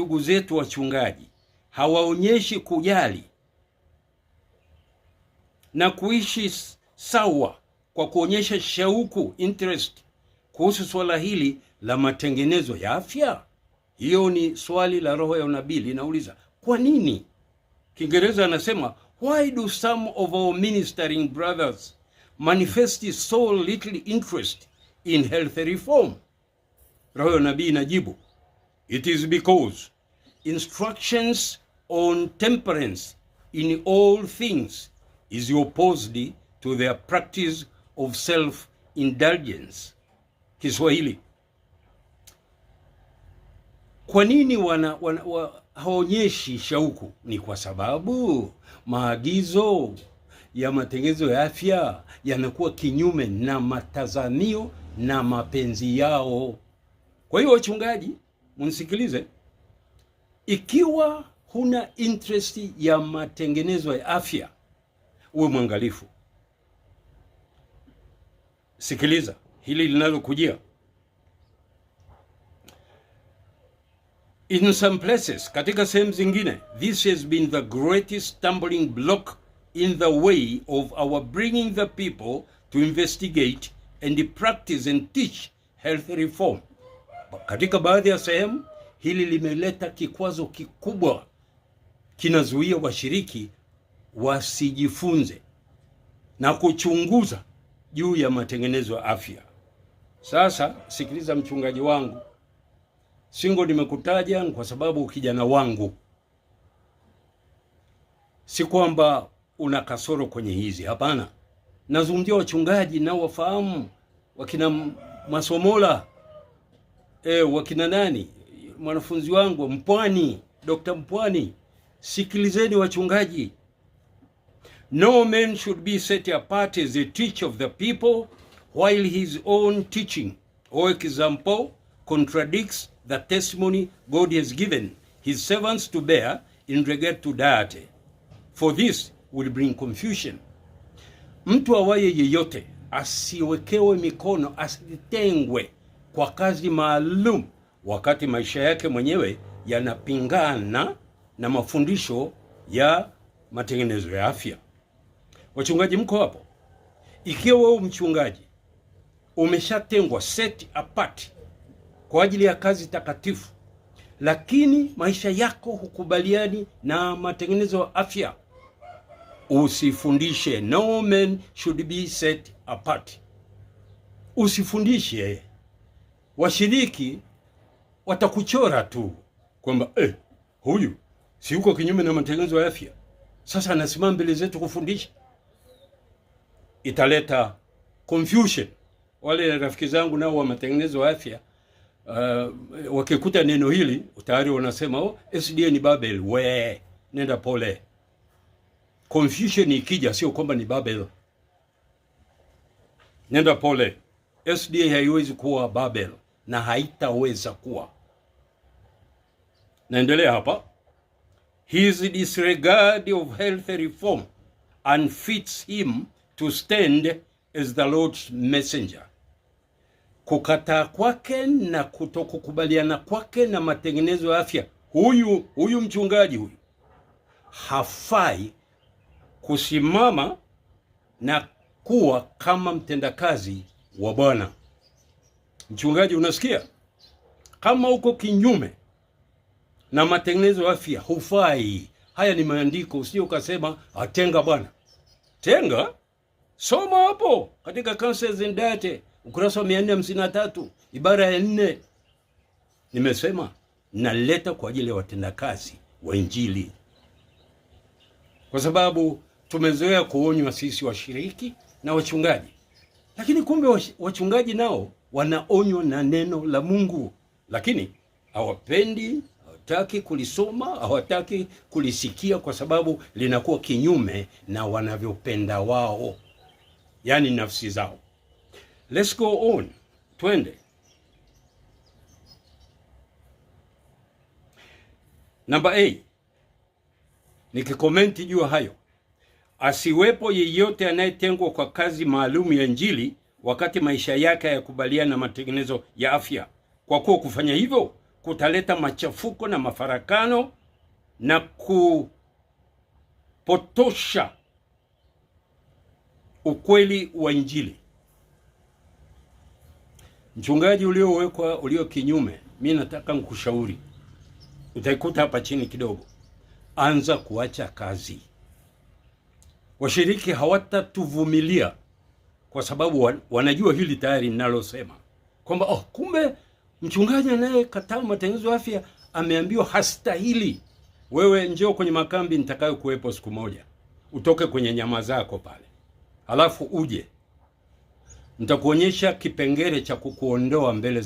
ndugu zetu wachungaji hawaonyeshi kujali na kuishi sawa kwa kuonyesha shauku interest kuhusu swala hili la matengenezo ya afya? Hiyo ni swali la roho ya unabii linauliza, kwa nini? Kiingereza anasema why do some of our ministering brothers manifest so little interest in health reform? Roho ya unabii inajibu It is because instructions on temperance in all things is opposed to their practice of self indulgence. Kiswahili. Kwa nini wana, wana, wa, haonyeshi shauku? Ni kwa sababu maagizo ya matengenezo ya afya yanakuwa kinyume na matazamio na mapenzi yao. Kwa hiyo wachungaji munisikilize, ikiwa huna interest ya matengenezo ya afya, uwe mwangalifu. Sikiliza hili linalokujia. In some places, katika sehemu zingine, this has been the greatest stumbling block in the way of our bringing the people to investigate and practice and teach health reform. Katika baadhi ya sehemu hili limeleta kikwazo kikubwa, kinazuia washiriki wasijifunze na kuchunguza juu ya matengenezo ya afya. Sasa sikiliza, mchungaji wangu Singo, nimekutaja kwa sababu kijana wangu, si kwamba una kasoro kwenye hizi, hapana. Nazungumzia wachungaji na wafahamu wakina Masomola e, wakina nani, mwanafunzi wangu Mpwani, Dr. Mpwani, sikilizeni wachungaji. No man should be set apart as a teacher of the people while his own teaching or example contradicts the testimony God has given his servants to bear in regard to deity. For this will bring confusion. Mtu awaye yeyote asiwekewe mikono, asitengwe kwa kazi maalum, wakati maisha yake mwenyewe yanapingana na mafundisho ya matengenezo ya afya. Wachungaji mko hapo? Ikiwa wewe mchungaji umeshatengwa, set apart kwa ajili ya kazi takatifu, lakini maisha yako hukubaliani na matengenezo ya afya, usifundishe. No man should be set apart, usifundishe washiriki watakuchora tu kwamba eh, huyu si yuko kinyume na matengenezo ya afya, sasa anasimama mbele zetu kufundisha. Italeta confusion. Wale rafiki zangu nao wa matengenezo ya afya uh, wakikuta neno hili tayari wanasema oh, SDA ni Babel. We nenda pole. Confusion ikija, sio kwamba ni Babel, nenda pole. SDA haiwezi kuwa Babel na haitaweza kuwa. Naendelea hapa. His disregard of health reform unfits him to stand as the Lord's messenger. Kukataa kwake na kutokukubaliana kwake na matengenezo ya afya, huyu huyu mchungaji huyu hafai kusimama na kuwa kama mtendakazi wa Bwana. Mchungaji, unasikia? Kama uko kinyume na matengenezo ya afya hufai. Haya ni maandiko, usije ukasema atenga ah, bwana. Tenga, soma hapo katika Cancer and Diet ukurasa wa 453 ibara ya nne. Nimesema naleta kwa ajili ya watendakazi wa Injili, kwa sababu tumezoea kuonywa sisi washiriki na wachungaji lakini kumbe wachungaji nao wanaonywa na neno la Mungu, lakini hawapendi, hawataki kulisoma, hawataki kulisikia kwa sababu linakuwa kinyume na wanavyopenda wao, yaani nafsi zao. Let's go on, twende namba A. Nikikomenti jua hayo asiwepo yeyote anayetengwa kwa kazi maalum ya Injili wakati maisha yake hayakubaliana na matengenezo ya afya, kwa kuwa kufanya hivyo kutaleta machafuko na mafarakano na kupotosha ukweli wa Injili. Mchungaji uliowekwa ulio kinyume, mi nataka nkushauri, utaikuta hapa chini kidogo. Anza kuacha kazi washiriki hawatatuvumilia kwa sababu wanajua hili tayari ninalosema kwamba oh, kumbe mchungaji anayekataa matengenezo ya afya ameambiwa hastahili. Wewe njoo kwenye makambi nitakayokuwepo siku moja, utoke kwenye nyama zako pale, halafu uje nitakuonyesha kipengele cha kukuondoa mbele